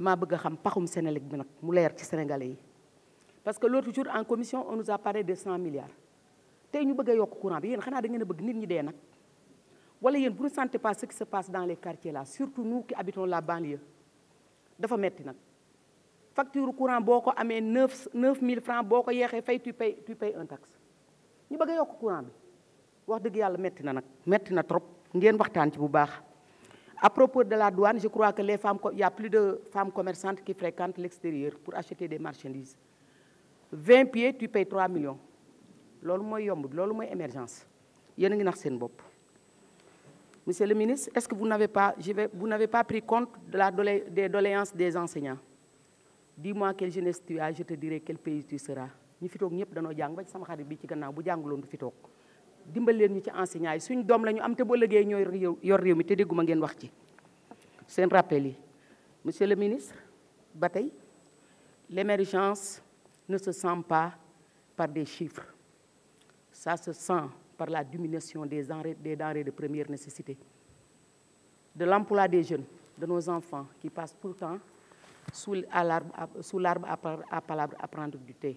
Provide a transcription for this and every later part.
damaa bëgg a xam paxum Senelec bi nag mu leer ci sénégalais yi parce que l'autre jour en commission on nous a parlé de 100 milliards tey ñu bëgg a yokk courant bi yéen xanaa da ngeen a bëgg nit ñi dee nag wala yéen bu ne pas ce qui se passe dans les quartiers là surtout nous qui habitons la banlieue dafa metti nag facture courant boo ko amee 9000 neuf mille francs boo ko yeexee fay tu pay tu pay un taxe ñu bëgg a yokk courant bi wax dëgg yàlla metti na nag metti na trop ngeen waxtaan ci bu baax à propos de la douane, je crois que les femmes, il y a plus de femmes commerçantes qui fréquentent l'extérieur pour acheter des marchandises. 20 pieds, tu payes 3 millions. C'est mooy yomb émergence a monsieur le ministre est-ce que vous n'avez pas pas pris compte de la des doléances des enseignants dis-moi quelle jeunesse tu as je te dirai quel pays tu seras Nous, ba sama dimbalen leen ñu ci enseignant yi suñ doom la ñu am te bu ëllëgee ñooy yor mi rappel monsieur le ministre Batay l'émergence ne se sent pas par des chiffres ça se sent par la diminution des denrées des de première nécessité de l'emploi des jeunes de nos enfants qui passent pourtant sous l'arbre à, à, à palabre à prendre du thé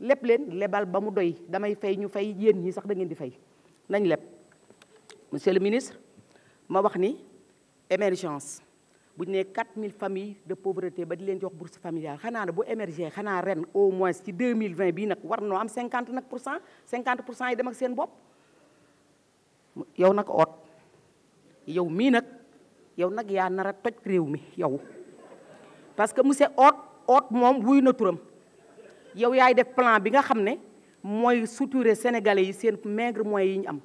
lépp leen lebal ba mu doy damay fay ñu fay yéen ñi sax da ngeen di fay nañ leb monsieur le ministre ma wax ni émergence bu ñu nee mille famille de pauvreté ba di leen jox bourse familiale xanaa ne bu émerger xanaa ren au moins ci 2020 bii nag war noo am 50 nag pour cent 50 pour cent yi dem seen bopp yow nag oot yow mii nag yow nag yaa nar a toj réew mi yow parce que monsieur oot oot moom wuy na turam yow yaay def plan bi nga xam ne mooy suturé sénégalais yi seen maigre moyens yi ñu am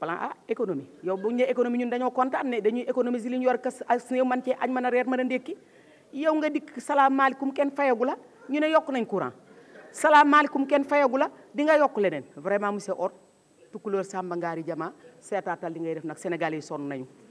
plan a économie yow bu ñu nee économie ñun dañoo kontaan ne dañuy économiser li ñu yor kas as néew man cee añ mën a reer mën a ndékki yow nga dikk salaamaaleykum kenn fayagu la ñu ne yokk nañ courant salaamaaleykum kenn fayagu la di nga yokk leneen vraiment monsieur Hott tukulóor Samba Ngaari Jama seetaatal li ngay def nag sénégalais yi sonn nañu